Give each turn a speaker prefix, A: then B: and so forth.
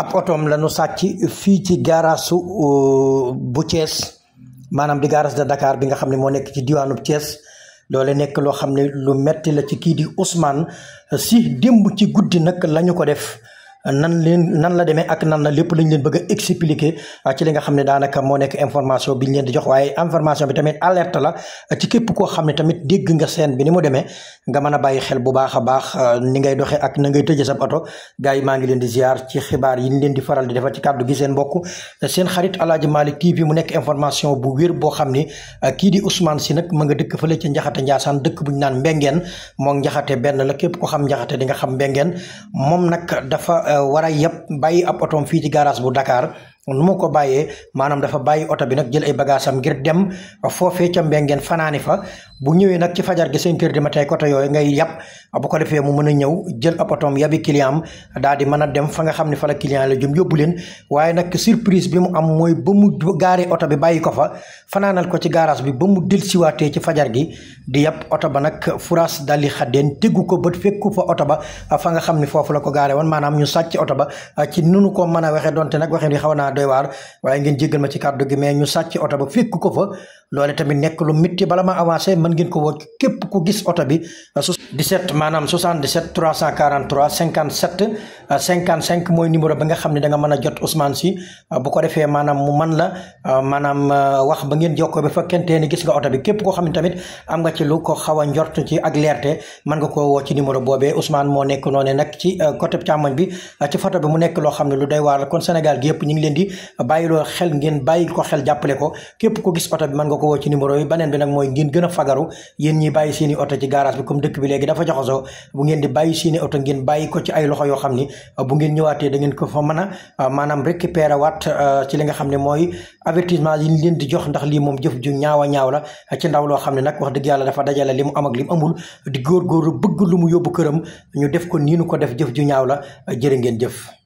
A: ab otoom la ñu sàcc fii ci gaarasu bu Thiès maanaam di gaaras de Dakar bi nga xam ne moo nekk ci diwaanub Thiès loole nekk loo xam ne lu metti la ci kii di Ousmane si démb ci guddi nag lañu ko def nan leen nan la demee ak nan la lépp lañ leen bëgg a expliquer ah, ci li nga xam ne daanaka moo nekk information bi ñu leen di jox waaye information bi tamit alerte la ah, ci képp koo xam ne tamit dégg nga seen bi ni mu demee nga mën a bàyyi xel bu baax a baax ah, ni ngay doxee ak na ngay tëjee sa oto gars yi maa ngi leen di ziar ci xibaar yi ñu leen di faral di defal ci kàddu gi seen mbokk seen xarit Aladji Malick TV mu nekk information bu wér boo xam ni kii di Ousmane Sy nag ma nga dëkk fële ca Njaxate Njaasaan dëkk bu ñu naan Mbengeen moom Njaxate benn la képp ko xam Njaxate di nga xam Mbengeen moom nag dafa war a yëpp bàyyi ab otoom fii ci garage bu Dakar nu mu ko bàyyee maanaam dafa bàyyi oto bi nag jël ay bagage am ngir dem foofee ca mbengeen fanaani fa bu ñëwee nag ci fajar gi cinq heures du matin oto yooyu ngay yàpp bu ko defee mu mën a ñëw jël ab yabi client am daal di mën a dem fa nga xam ne fa la client la jëm yóbbu leen waaye nag surprise bi mu am mooy ba mu gaaree oto bi bàyyi ko fa fanaanal ko ci garage bi ba mu dil siwaatee ci fajar gi di yàpp oto ba nag furaas daldi xaddeen téggu ko bët fekku fa oto ba fa nga xam ne foofu la ko gaare woon maanaam ñu sàcc oto ba ci nunu ko mën a waxe donte nag waxe di xaw naa doy waar waaye ngeen jéggal ma ci kàddu gi mais sàcc oto ba fekk ko fa loole tamit nekk lu métti bala ma avancé mën ngeen ko woo képp ku gis oto bi 17 maanaam 77 343 57 55 nga xam ne da nga mën a jot Ousmane Sy bu ko defee maanaam mu man la maanaam wax ba ngeen jokkoo ba fekkente ni gis nga oto bi képp koo xam ne tamit am nga ci lu ko xaw a njort ci ak leerte mën nga ko woo ci numéro boobee Ousmane moo nekk noonu nag ci uh, côté càmmoñ bi uh, ci photo bi mu nekk loo xam ne lu doy waar la kon Sénégal gi yëpp ñu leen gi bàyyiloo xel ngeen bàyyil ko xel jàppale ko képp ko gis oto bi mën nga ko woo ci numéro yi beneen bi nag mooy ngeen gën a fagaru yéen ñi bàyyi seeni oto ci garage bi comme dëkk bi léegi dafa joxasoo bu ngeen di bàyyi seeni oto ngeen bàyyi ko ci ay loxo yoo xam ni bu ngeen ñëwaatee da ngeen ko fa mën a ah, maanaam récupérer waat ah, ci li nga xam ne mooy avertissement yi ñu leen di jox ndax lii moom jëf ju ñaaw a ñaaw la ci ndaw loo xam ne nag wax dëgg yàlla dafa dajale li mu am ak li amul di góorgóorlu bëgg lu mu yóbbu këram ñu def ko nii nu ko def jëf ju ñaaw la jërë ngeen jëf